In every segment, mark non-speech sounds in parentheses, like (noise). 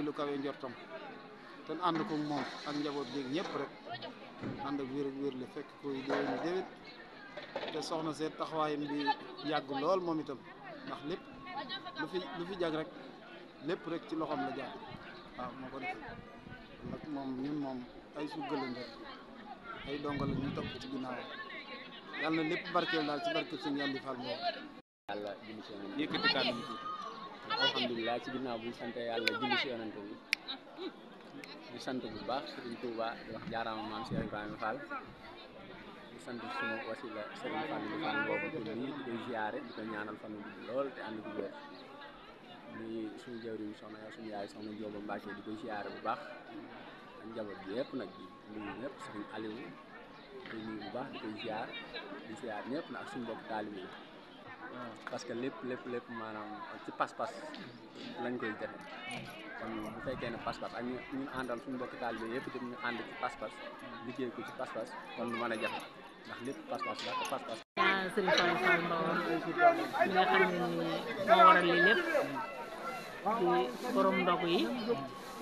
ci lu kawe njortam te ànd ko moom ak njaboot jéeg ñëpp rek ànd ak wér ak wér la fekk koy déwéni déwét te soxna seet taxawaayam bi yàgg lool moom itam ndax lépp lu fi lu fi jag rek lépp rek ci loxoom la jàpp waaw moom ñun moom ay suggalan rek ay dongal ñu topp ci ginnaaw yàlla na lépp barkeel daal ci barkeel suñu yàlla di moom Alhamdulillah ci ginnaaw bu ñu sant yàlla ci yonante bi hmm, hmm. di sant bu baax Serigne Touba di wax jaaraama maam Cheikh Ibrahima Fall di sant semua wasila Serigne Fall di fan boobu tur bi di koy ziare di ko ñaanal fan bu lool te ànd bu wér di suñu jëwriñ soxna yow suñu yaay soxna Jóoba Mbàkke di koy ziare bu baax ak njaboot bi yëpp nag di nuyu ñëpp Serigne Aliou di nuyu bu baax di koy ziar di ziar ñëpp nag suñu mbokk taalibe parce que lépp lépp lépp maanaam ci pas-pas lañ koy kan, defe kon bu fekkee ne pas-pas ak ñun àndal suñu mbokki taalibe yëpp itam ñu ànd ci pas-pas liggéey ko ci pas-pas kon lu mën a jafe ndax lépp pas-pas la te pas-pas sëriñ ya, Fall Fall Mbawar kan mi nga xam ne kan ni moo waral lii lépp di borom ndogu yi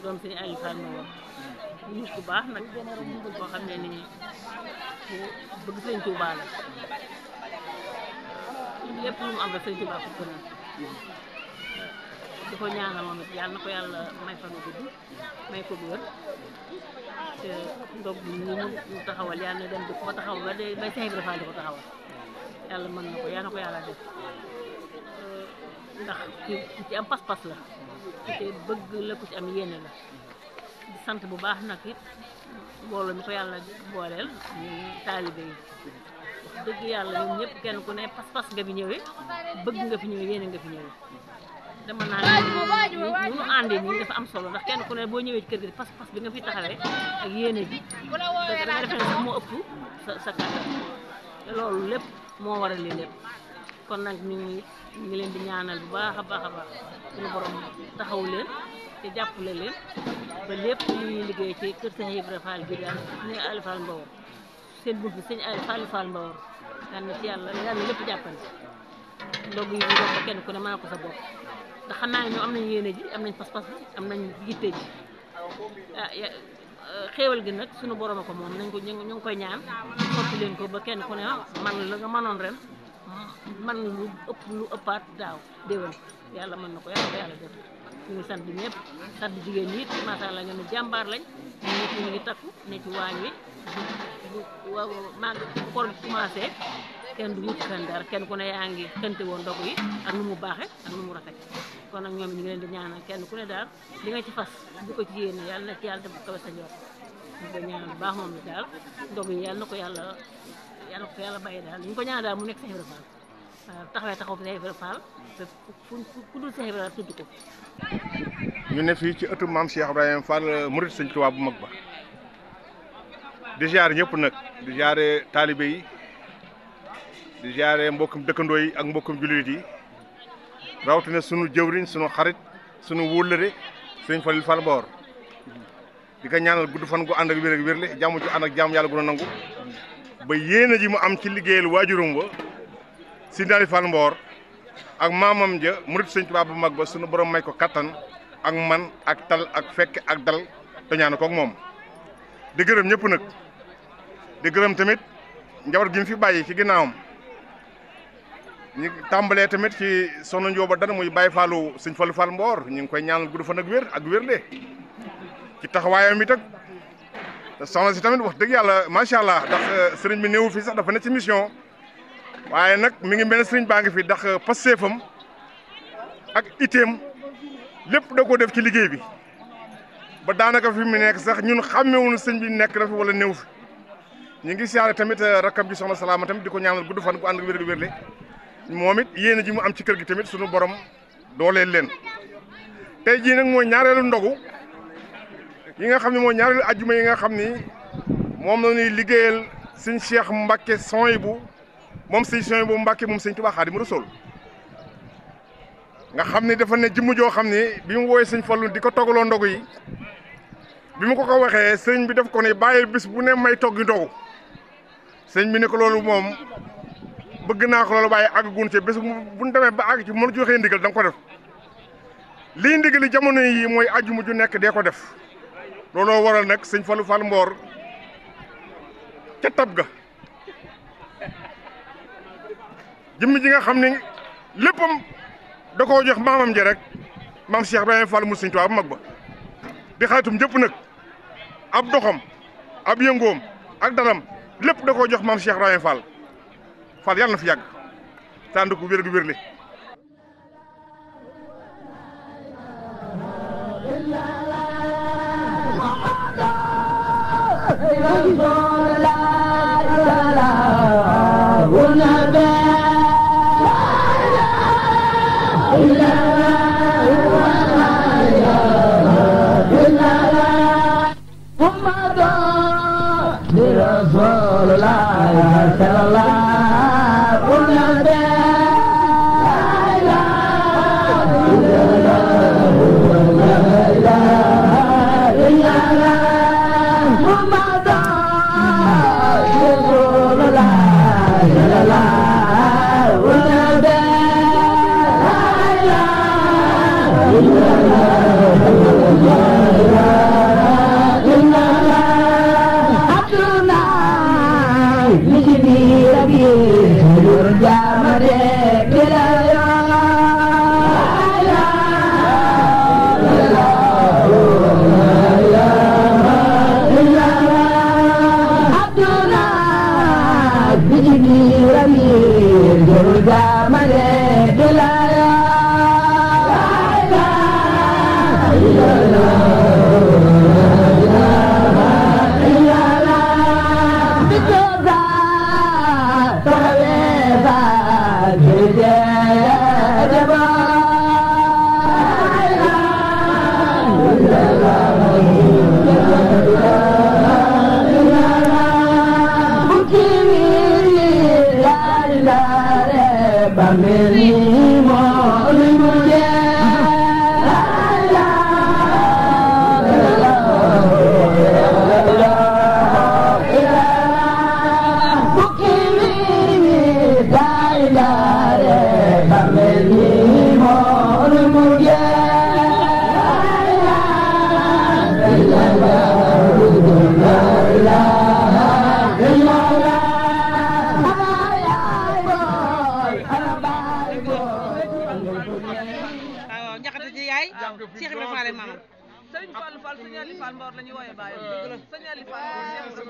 doom sëriñ Aliou Fall Mbawar nit ku baax nag koo xam ni ku bëgg sëriñ Tuubaa lépp lu mu am rek sëñ Tuubaa ko gënal di ko ñaanal moom it na ko yàlla may fan bu gudd may ko wër te ndog bi ñu mu taxawal yàlla na dem di ko taxawal ba day bay Seex di ko taxawal yàlla mën na ko yàlla na ndax ci am pas-pas la ku ci bëgg la ku ci am yéene la sant bu baax nag it mbooloo mi ko yàlla booleel ñu taalibe dëgg yàlla ñun ñëpp kenn ku ne pas-pas nga fi ñëwee bëgg nga fi ñëwee yéene nga fi ñëwee dama naa ñu ñu àndee nii dafa am solo ndax kenn ku ne boo ñëwee ci kër gi pas-pas bi nga fi taxawee ak yéene bi te danga defee ne sax moo ëpp sa sa kàttan te loolu lépp moo waral lii lépp kon nag ñu ngi ñu leen di ñaanal bu baax a baax a baax suñu borom taxaw leen te jàppale leen ba lépp lu ñuy liggéey ci kër Cheikh Ibrahima Fall gi daal ñu Aliou Fall seen bunt sëñ ay Fall Fall Mbawar yal na ci yàlla yal na lépp jàppandi ndogu yi ñu bokk kenn ku ne mën na ko sa bopp ndax xam naa ne ñoom am nañ yéene ji am nañ pas-pas bi am nañu yitte ji ah, ah gi nag suñu borom a ko moom nañ ko ñu ngi koy ñaan sotti leen ko ba kenn ku ne man la nga mënoon ren man lu ëpp lu ëppaat daaw déwén yàlla mën na ko yàlla ko yàlla def ñu ngi sant ñëpp sant jigéen ñi it macha allah ñoom jàmbaar lañ nit ñi ngi takku ne ci waañ wi bu màgg koor bi commencé kenn du wut kenn dara kenn ku ne yaa ngi xënte woon ndogu yi ak nu mu baaxe ak nu mu rafet kon nag ñoom ñu ngi leen di ñaanal kenn ku ne daal li nga ci fas bu ko ci na ci yàlla def ko ñaanal baax moom bi daal ndogu yi yàlla yàlla yàlla mu nekk Seex Ibra Faal waaw taxawee taxaw ñu ne fii ci ëttu maam Cheikh Ibrahima Fall murid Sëñ Tuubaa bu mag ba di ziare ñëpp nag di ziare taalibe yi di ziare mbokkum dëkkandoo yi ak mbokkum jullit yi rawatina sunu jëwriñ sunu xarit sunu wóllëre sëñ Falil Fall Mbaor di ko ñaanal gudd fan gu ànd ak wér ak wérle jàmm ci ànd ak jàmm yàlla gu nangu ba yéene ji mu am ci liggéeyal waajuram ba Sëñ Daali Fall ak maamam ja murit sëñ Tuubaa bu mag ba sunu borom may ko kattan ak man ak tal ak fekk ak dal te ñaan moom di gërëm nag di tamit njaboot gi fi bàyyi ci ginnaawam ñu tàmbalee tamit ci soxna Ndioba Dan muy Baye Fallou sëñ Fallou fal Mboor ñu ngi koy ñaanal gudd fan ak wér ak wérle ci taxawaayam it ak soxna si tamit wax dëgg yàlla macha allah ndax euh, sëriñ bi néewu fii sax dafa ne ci mission waaye nag mi ngi mel ne sëriñ baa ngi fi ndax euh, pasteefam ak iteem lépp da ko def ci liggéey bi ba daanaka fi mu nekk sax ñun xàmmewuñu sëñ bi nekk rek fi wala néew fi. ñu ngi siyaare tamit euh, rakkam ji soxna Salaama tamit di ko ñaanal gudd fan gu ànd ak wérlu wérle moom it yéen ji mu am ci kër gi tamit suñu borom dooleel leen tey jii nag mooy ñaareelu ndogu yi nga xam ne mooy ñaareelu ajjuma yi nga xam ni moom la ñuy liggéeyal sëñ Cheikh bu Souhaïbou moom sëñ Souhaïbou mbake moom sëñ Tuubaa Xaadimu Rasuul nga xam ni dafa ne jëmm joo xam ni bi mu woowee sëñ Fallu di ko toggaloo ndogu yi bi mu ko ko wexe sëñ bi def ko ne bàyyi bis bu ne may toggi ndogu sëñ bi ne ko loolu moom bëgg naa ko loolu waaye àggagun ci bés bu ñu demee ba àgg ci mënu ci waxee ndigal da ko def lii ndigali jamono yi mooy ajjuma ju nekk dee ko def looloo waral nag sëñ falu fal Mboor ca tab ga jëmm ji nga xam ni léppam da koo jox maamam ja rek mam Cheikh Ibrahima Fall mu sëñ Tuubaa bu mag ba di xaytum jëpp nag ab doxam ab yëngoom ak dalam lépp da koo jox maam Cheikh Ibrahima fal fal yàlla na fi yàgg tànd ko wér gu wér li Mama! moo Fall Mbaor la ñuy wooyee baayam. dëgg la sëñ Aliou Fall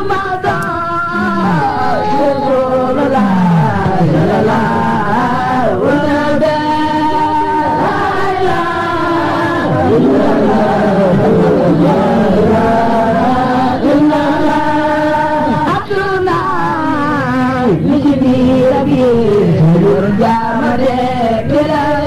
Yeah, my dad, get out.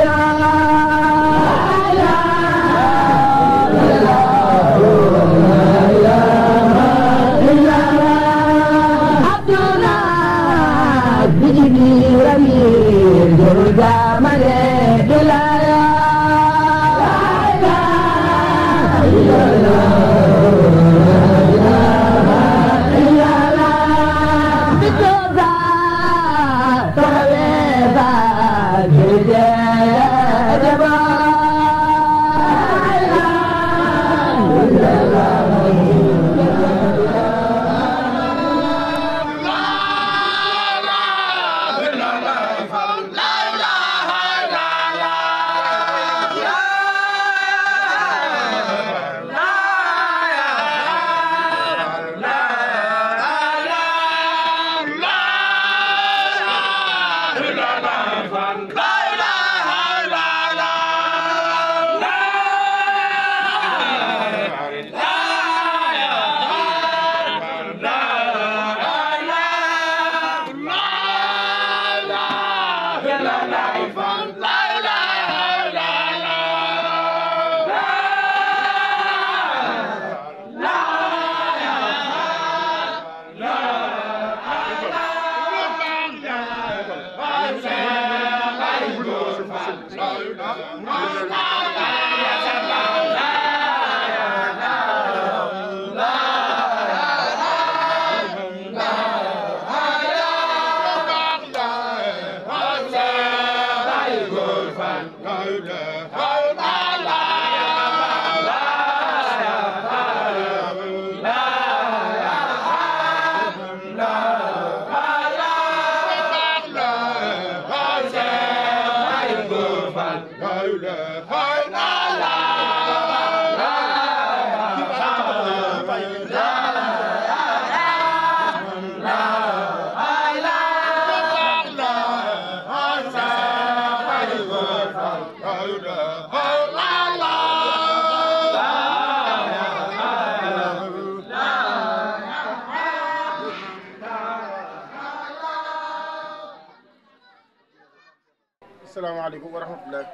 salaamaaleykum wa rahmatulah.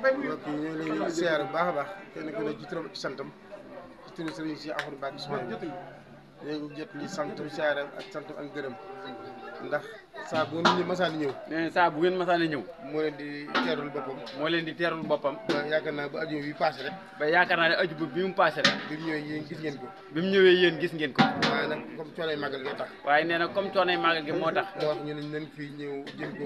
mbokk bu baax a baax kenn ku santam ci turu sëriñ si Ahmadou Mbacké Souhaïbou dinañ jot sant siyaare ak sant ak gërëm ndax saa bu ngeen masaan ñëw. nee na saa masaan ñëw. moo leen di teerul boppam. moo leen di teerul boppam. yaakaar naa ba ajuma bi paase rek. ba yaakaar naa ne ajuma bi mu paase rek. bi mu ñëwee yéen gis ngeen ko. bi mu ñëwee yeen gis ngeen ko. waaye nag comme coonoy màggal gi moo waaye nee na comme coonoy màggal gi moo tax. moo wax ñu ne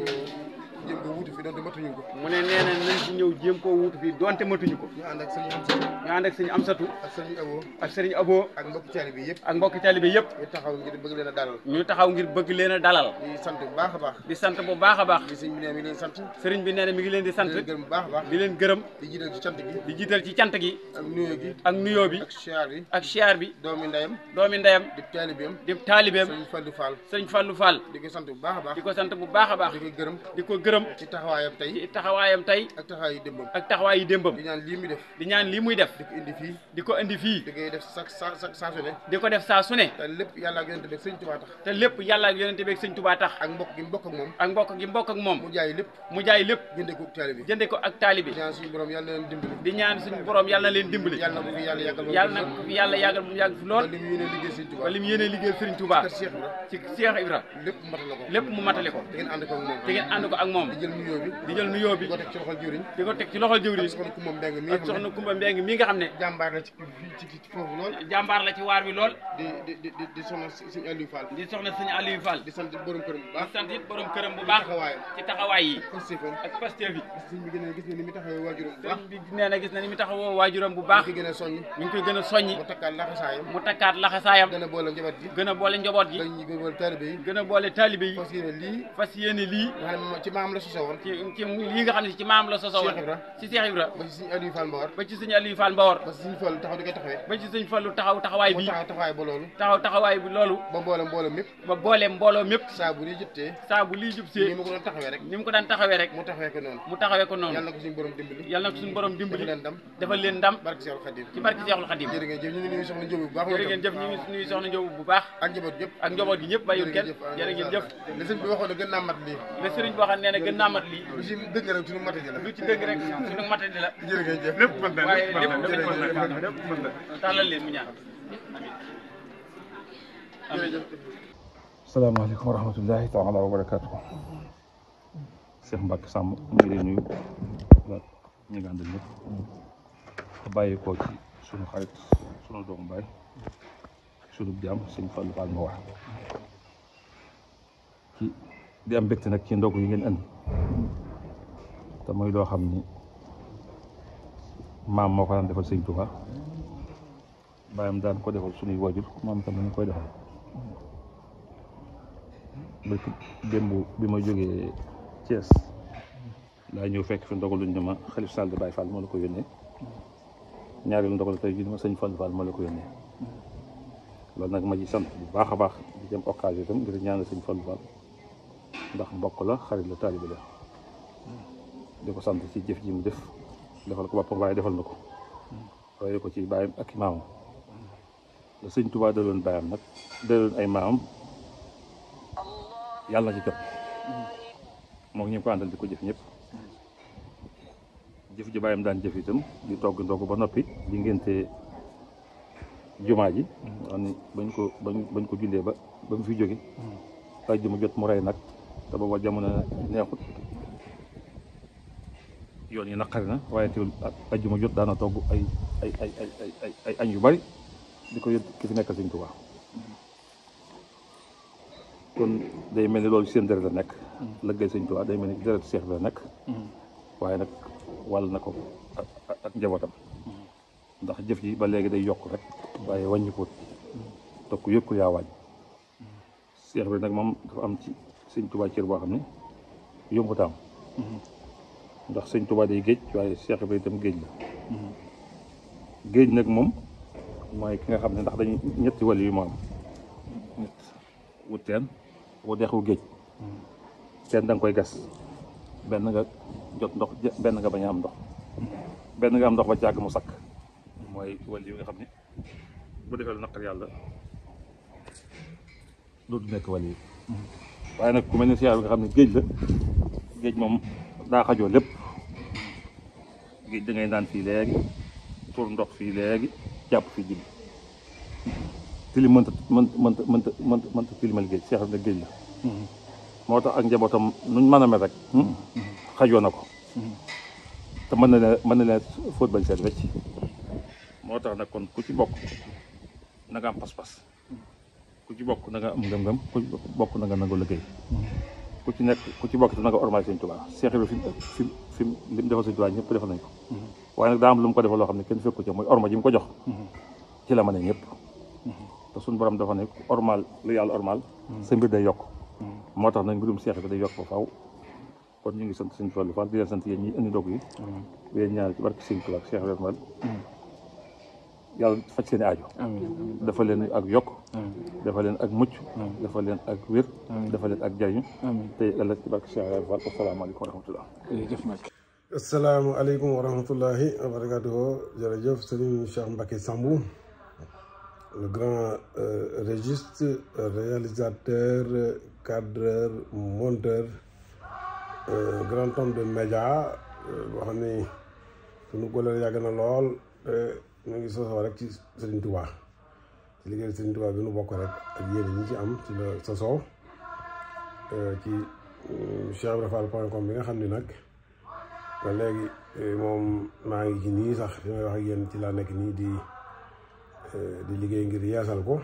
jéem ko wuutu fi donte matuñu ko mu ne nee na nañ ci ñëw jéem koo wuutu fii donte matuñu ko ñu ànd ak sëriñ Amsatu ñu ànd ak sëriñ Amsatu ak sëriñ Abo ak sëriñ Abo ak mbokki taalibe yëpp ñu taxaw ngir bëgg leen a dalal ñu taxaw ngir bëgg leen a dalal di sant bu baax a baax di sant bu baax a baax sëriñ bi nee na mi ngi leen sant sëriñ bi nee na mi ngi leen di sant gërëm bu baax a baax di leen gërëm di jiital ci cant gi di ci cant gi ak nuyoo gi ak nuyoo bi ak bi ak siyaar bi doomi ndeyam doomi ndeyam di taalibeem di taalibeem sëriñ Fallou Fall sëriñ Fallou Fall di ko sant bu baax a baax di ko sant bu baax a baax cëram. ci taxawaayam tey ci taxawaayam tey. ak taxawaayu démbam ak taxawaayu démbam. di ñaan lii muy def. di ñaan lii muy def. di ko indi di ko indi fii. di def sa sa di ko def saa su ne. te lépp ak yonente beeg sëñ tubaa tax. te lépp yàlla ak yonente beeg sëñ tubaa tax. ak mbokk gi mbokk ak moom. ak mbokk gi mbokk ak mu jaay lépp mu jaay jënde ko ak jënde ko ak di ñaan suñu borom yàlla leen dimbali. di ñaan suñu borom yàlla leen dimbali. yàlla na yàlla yàggal mu yàgg fi lool. ba li mu yéene ci Cheikh Ibra lépp mu matale ko te ngeen ànd ko ak moom di jël nuyoo bi di jël nuyoo bi di ko teg ci loxol jëwriñ di ko teg ci loxol jëwriñ soxna Kumba Mbeng mi ak soxna Kumba Mbeng mi nga xam ne jàmbaar la ci ci ci foofu lool jàmbaar la ci waar wi lool di di di di soxna sëñ Aliou Fall di soxna sëñ Aliou Fall di sant borom këram bu baax di sant it borom këram bu baax ci taxawaay yi ak pastéef yi sëñ bi gën a gis na ni mi taxawoo waajuram bu baax sëñ bi nee na gis na ni mi taxawoo waajuram bu baax gën a soññ mi ngi koy gën a soññi mu takkaat laxasaayam mu takkaat laxasaayam gën a boole njaboot gi gën a boole njaboot gi gën a boole taalibe yi fas yéene lii fas yéene lii ci maam maam la sosoo woon ci ci lii nga xam ne ci maam la sosoo woon ci Cheikh Ibra ba ci sëñ Aliou Fall Mbawar ba ci sëñ Aliou Fall Mbawar ba ci sëñ Fall taxaw di koy taxawee ba ci sëñ Fallu taxaw taxawaay bi taxaw taxawaay ba loolu taxaw taxawaay bi loolu ba mboolem mbooloo mépp ba booleem mbooloo mépp saa bu lii jubtee saa bu lii jubtee ni mu ko doon taxawee rek ni mu ko daan taxawee rek mu taxawee ko noonu mu taxawee ko noonu yàlla na ko suñu borom dimbali yàlla na ko suñu borom dimbali leen ndam defal leen ndam barke Seexul Xadim ci barke Seexul Xadim jërë ngeen jëf ñu ngi soxna Njóob bu baax jërë ngeen jëf ñu ngi soxna Njóob bu baax ak njaboot yëpp ak njaboot gi ñëpp bàyyiwul kenn jërë ngeen jëf li sëriñ bi waxoon na gën naa mat lii li sëriñ bi waxoon nee na gën naa mat lii. lu ci dëgg rek suñu matadi la. lu ci dëgg rek suñu matadi la. jërëjëf lépp mën na lépp mën na lépp mën na lépp mën na. tàllal leen mu ñaan amiin amiin. salaamaaleykum wa rahmatullahi taala wa barakaatu. Cheikh Mbacke Samb ñu ngi lay nuyu ñi nga àndal ñëpp te bàyyi ko ci sunu xarit sunu doomu baay sunu jaam sëñ Fallou Fall ma wax ci di am mbégte nag ci ndog yi ngeen andi te muy loo xam ni maam moo ko daan defal sëñ daan ko defal suñuy waajur maam tam dañu koy defal barki démb bi ma jógee cees laa ñëw fekk fi ndogaluñ ne ma xalif Sall de Baye Fall moo la ko yónnee ñaareelu ndogal tey jii ma sëñ faal Fall moo la ko yónnee loolu nag ma ci sant bu baax a baax di dem occasion tam ngir ñaanal sëñ Fall Fall ndax mbokk la xarit la taalibe la di ko sant si jëf ji mu def defal ko boppam waaye defal na ko roye ko ci baayam ak i maamam la sëñ Tuubaa baayam nag daloon ay maamam yàlla na ci jot moom ñi ko àndal di ko jëf ñëpp jëf ji baayam daan jëf itam di togg ndogg ba noppi di ngénte jumaa ji xam ne bañ ko bañ ko jullee ba ba mu fi jóge ajjuma jot mu rey nag te booba jamono neexut yoon yi naqari na waaye teewul ajjuma jot daana togg ay ay ay ay ay añ yu bari di ko yët ki fi nekk Sëñ Tuubaa kon day mel ni loolu seen deret la nekk lëggay Sëñ Tuubaa day mel ni deret seex bi la nekk waaye nag wàll na ko ak njabootam ndax jëf ji ba léegi day yokk rek waaye wàññi ko tokk yëpp yaa waañ seex bi nag moom dafa am ci sëñ Touba cër boo xam ne yomb taam ndax sëñ Touba day géej waaye Cheikh Ibrahima tam géej la géej nag moom mooy ki nga xam ne ndax dañu ñetti wàll yu mu am ñett wu teen wu dex géej teen da koy gas benn nga jot ndox benn nga bañ am ndox benn nga am ndox ba jàgg mu sakk mooy wàll yu nga xam ne bu defee lu naqar yàlla dootu nekk wàll waaye nag ku mel ne siyaar bi nga xam ne géej la géej moom daa xajoo lépp géej da ngay naan fii léegi pour ndox fii léegi jàpp fi jibi tilim mënta mënta mënta mënta mënta tilimal géej seexal na géej la moo tax ak njabootam nuñ mën a mel rek hmm? xajoo na ko te mën na mën na leen fóot bañ seet wecc moo tax nag kon ku ci bokk na pas-pas ku ci bokk na nga am ngëm-ngëm ku ci bokk na nga nangu liggéey ku ci nekk ku ci bokk na nga ormaay sëñ Tuubaa fi fi fi li mu defal sëñ ñëpp defal nañ ko waaye nag lu ko defal loo xam ne kenn fekku ci mooy orma ji mu ko jox ci la mën a ñëpp te suñu borom dafa ne ormal lu yàlla ormal sa mbir day yokk moo tax nag mbirum Seex Ibra day yokk ba faaw kon ñu ngi sant sëñ Fallu Fall di leen sant yéen ñi indi dog yi yéen mm-hmm. ñaar yàlla faj seen i aajo dafa leen ak yokk dafa leen ak mucc dafa leen ak wér dafa leen ak jariñu te ëllëg ci barke Cheikh Fall asalaamaaleykum wa rahmatullah asalaamaaleykum wa rahmatullahi wa barakatuh jërëjëf Serigne Cheikh Mbacké Sambou le grand euh, régiste réalisateur cadreur monteur euh, grand homme de média euh, boo xam ne sunu goleel yàgg na lool ñu ngi sosoo rek ci Serigne Touba ci liggéey Serigne Touba bi nu bokk rek ak yéen ñi ci am ci la sosoo euh, ci euh, cheikhibrafal.com bi nga xam ni nag ba léegi euh, moom maa ngi ci nii sax li may wax ak yéen ci laa nekk nii di di liggéey ngir yeesal ko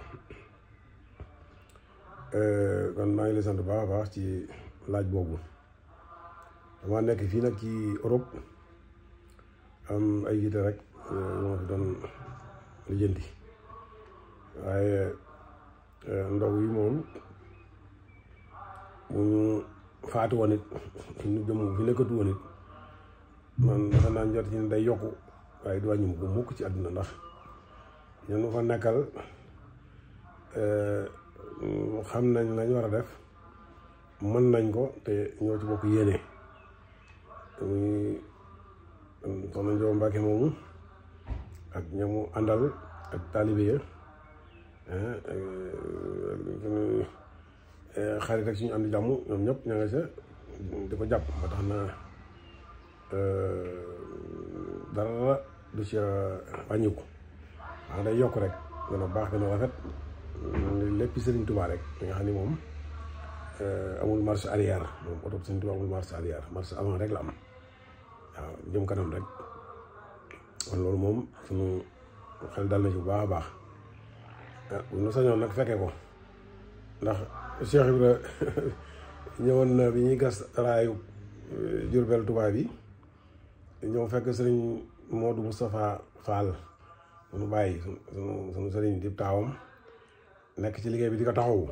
kon maa ngi lay sant bu baax a baax ci laaj boobu damaa nekk fii nag ci Europe am ay yite rek. lu ma waaye e, ndaw yi moom bu ñu faatu woon nekkatu woon man dafa naa njot ci ne day yokku waaye du wàññi ko mukk ci àdduna ndax ñun fa nekkal e, xam nañ lañ war a def mën nañ ko te ñoo ci bokk yéene muy soxna Njoom Mbàkke moomu ak ñamu àndal ak taalibe ya euh, xarit rek suñu am di jàmm ñoom ñëpp ña nga sa di ko jàpp ba tax na euh, dara du ci wàññiku wax day yokk rek gën a baax gën a rafet lépp Sëriñ Tuubaa rek li xam ni moom euh, amul marche arrière moom oto Sëriñ Tuubaa amul marche arrière marche avant rek la am waaw jëm kanam rek kon loolu moom sunu xel dal na ci bu baax a baax ah, bu nu sañoon nag fekkee ko ndax Cheikh Ibra (laughs) ñëwoon na bi ñuy gas raayu eh, Jurbel tubaab bi ñëw fekk sëriñ Modou Moustapha Fall nu bàyyi sunu sunu sëriñ di taawam nekk ci liggéey bi di ko taxawu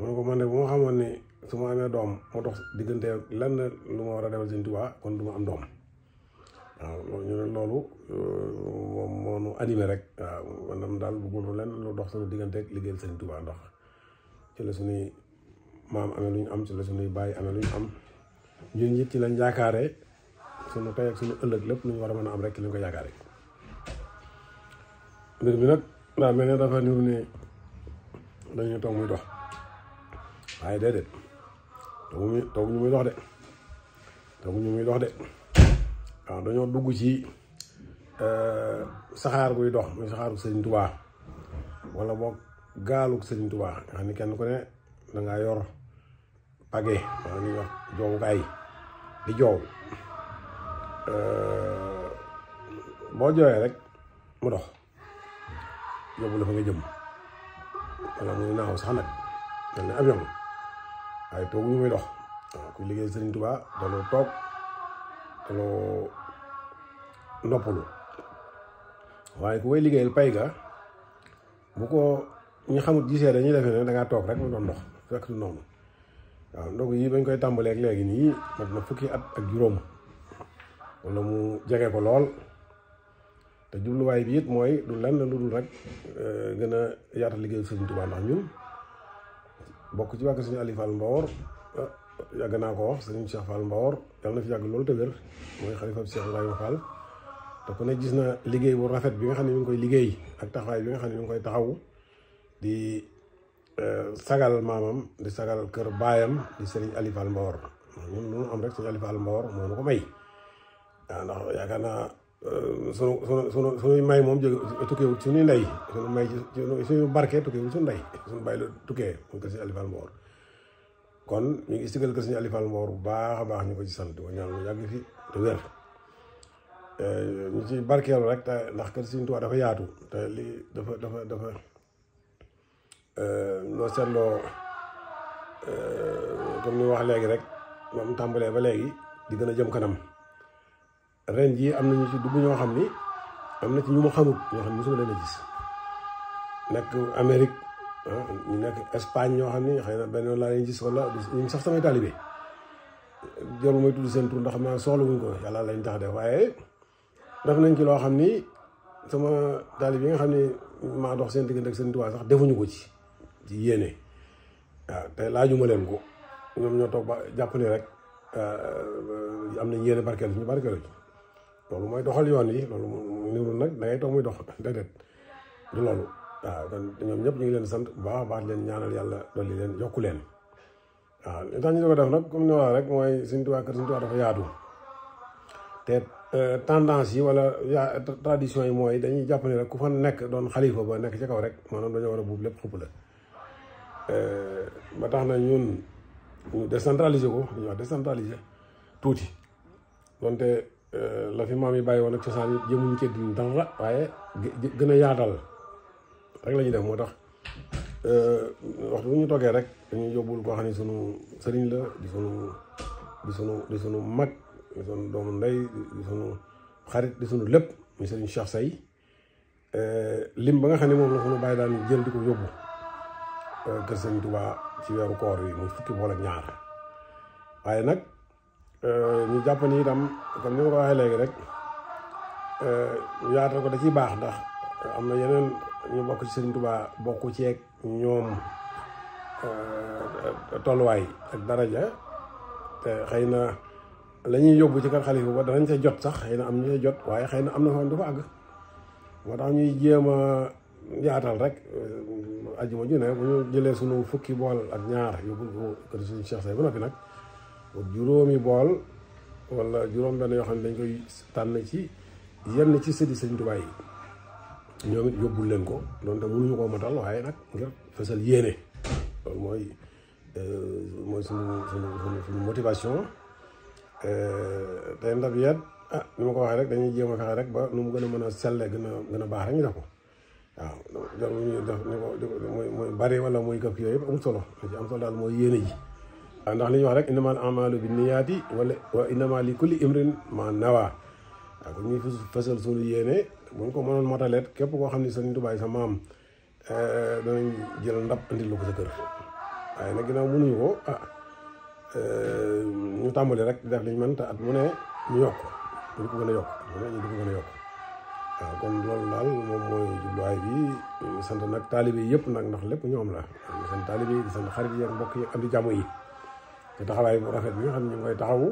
mu ko man ne bu ma xamoon ni su ma amee doom mu dox diggante lan lu ma war a defal sëriñ Tuubaa kon du ma am doom waaw ñu ne loolu euh, moom moo nu animé rek waaw maanaam daal bëggul leen lu dox suñu diggante ak liggéeyal sëñ Tuubaa ndox ci la suñuy maam amee lu ñu am ci la suñuy bàyyi amee lu ñu am ñun it ci lañ yaakaaree suñu tey suñu ëllëg lépp lu war a mën a am rek ci lañ ko yaakaaree mbir bi nag daa mel ne dafa niru ne dañuy toog muy dox waaye déedéet tooguñu tooguñu muy dox de tooguñu muy dox de waaw dañoo dugg ci euh, saxaar guy dox muy saxaaru sëriñ tubaa wala boog gaalug sëriñ tubaa nga xam ni kenn ku ne danga yor page maa di joow euh, boo jooyee rek mu dox yóbbu la fa nga jëm wala muy naaw sax nag mel ni avion waaye toog ñu muy dox waaw kuy sëriñ tubaa daloo toog daloo noppalu waaye ku koy liggéeyal pay ga bu ko ñu xamut gisee dañuy defee ne da ngaa toog rek mu doon ndox fekk du noonu waaw ndogu yi bañ koy tàmbalee ak léegi nii mat na fukki at ak juróom mu jege ko lool te jubluwaay bi mooy du lenn lu rek euh, gën a yaatal liggéeyu bokk ci wàkk Sëriñ Aliou ah, yàgg naa ko wax Sëriñ Cheikh Fall Mbawor yàlla na fi yàgg loolu te mooy xalifa Cheikh Ibrahima Fall te ku ne gis na liggéey bu rafet bi nga xam ne mi ngi koy liggéey ak taxawaay bi nga xam ne mi ngi koy taxaw di euh, sagal maamam di sagal kër bayam di Serigne Aliou Fall Mbawar ñun ñu am rek Serigne Aliou Fall Mbawar moo ñu ko may ndax yaakaar naa euh, sunu sunu sunu suñuy may moom jóge tukkeewul suñu ndey suñu may ci suñu barke tukkeewul suñu ndey suñu bàyyi la tukkee mu kër Serigne Aliou Fall Mbawar kon ñu ngi sigal kër Serigne Aliou Fall Mbawar bu baax a baax ñu ko ci sant ñu ko ñaan mu yàgg fi te wér ñu euh, ci barkeelu rek te ndax kër Sëriñ Tuubaa dafa yaatu te lii dafa dafa dafa loo euh, seetloo euh, comme ni wax léegi rek moom tàmbalee ba léegi di gën jëm kanam ren jii am na ñu ci dugg ñoo xam ni am na ci ñu ma xamut ñoo xam ne mosuma leen a gis nekk Amérique ah, ñu nekk Espagne ñoo xam ne xëy na benn laa leen gis wala ñu sax samay taalibe jol mooy tudd seen tur ndax ma soxla wuñ ko yàlla lañ tax def waaye def nañ ci loo xam ni sama taalib yi nga xam ni maa dox seen diggante ak seen tubaab sax defuñu ko ci ci yéene waaw te laajuma leen ko ñoom ñoo toog ba jàpp ni rek euh, am nañ yéene barkeel suñu barkeelu ci loolu mooy doxal yoon yi loolu niwul nag da muy dox déedéet du loolu waaw ñoom ñëpp ñu ngi leen sant baax a baax leen ñaanal yàlla dolli leen yokku leen waaw li tax ñu di ko def nag kom ni wax rek mooy suñu tubaab kër suñu tubaab dafa yaatu Euh, tendance yi wala tradition yi mooy dañuy jàpp rek ku fa nekk doon xalifa ba nekk ci kaw rek maanaam dañoo war a buub lépp xupp la euh, ba tax na ñun ñu décentraliser ko dañuy wax tuuti donte euh, la fi maam yi bàyyi woon ak cosaan yi jëmuñ ci din waaye gën a yaatal rek la dem moo tax waxtu bu ñu toggee rek dañuy yóbbul koo xam ne sunu sëriñ la di sunu di sunu di sunu mag di sunu doomu ndey di sunu xarit di sunu lépp muy sëriñ Cheikh eh, lim ba nga xam ne moom la sunu bàyyi daan jël di ko yóbbu eh, kër sëriñ Tuubaa ci weeru koor yi muy fukki bool ñaar waaye nag eh, ñu jàpp ni itam comme ni ma ko waxee léegi rek ñu yaatal ko da ci baax ndax am na yeneen ñu bokk ci sëriñ Tuubaa bokku ceeg ñoom tolluwaay ak daraja te xëy na lañuy yóbbu ci kër xalifa ba danañ ca jot sax xëy na am ñu ca jot waaye xëy na am na fa du fa àgg moo tax ñuy jéem a yaatal rek euh, ajuma ju ne bu ñu jëlee sunu fukki bool ak ñaar yóbbul ko suñu Cheikh Say ba nag juróomi bool wala juróom yoo xam ne dañ koy tànn ci yenn ci sëdi Sëriñ Tuubaa leen ko donte mënuñu koo matal waaye nag ngir fësal yéene loolu mooy euh, mooy sunu sunu sunu motivation tey ndab yaat ah, nu ma ko waxee rek dañuy jéem a fexe rek ba nu mu gën a mën a selle gën a gën a baax rek ñu ne ko waaw loolu ñuy def ñu ko muy bari wala muy këf yooyu yëpp amul solo li ci am mooy yéene ji waaw ah, ndax li ñuy wax rek innamal amalu bi niyaati wala wa innama li kulli imrin ma nawa waaw ah, bu ñuy fësal suñu yéene buñ ko mënoon motaleet képp koo xam ne sa nitubaay sa maam eh, danañ jël ndab andil la ko sa kër waaye nag ginnaaw mënuñu ko Ehm, ñu tàmbali rek def liñ mën te at mu ne ñu yokk ñu ko gën a yokk mu ne ñu ko gën a yokk waaw kon loolu daal moom mooy jubluwaay bi sant nag taalibe yëpp nag ndax lépp ñoom la sant taalibe di sant xarit yi mbokk yi am di yi te taxawaay bu rafet bi nga xam ne ñu ngi koy taxawu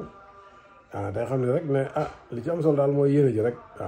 ah day xam ne rek ne ah li ci am solo daal mooy yéene ji rek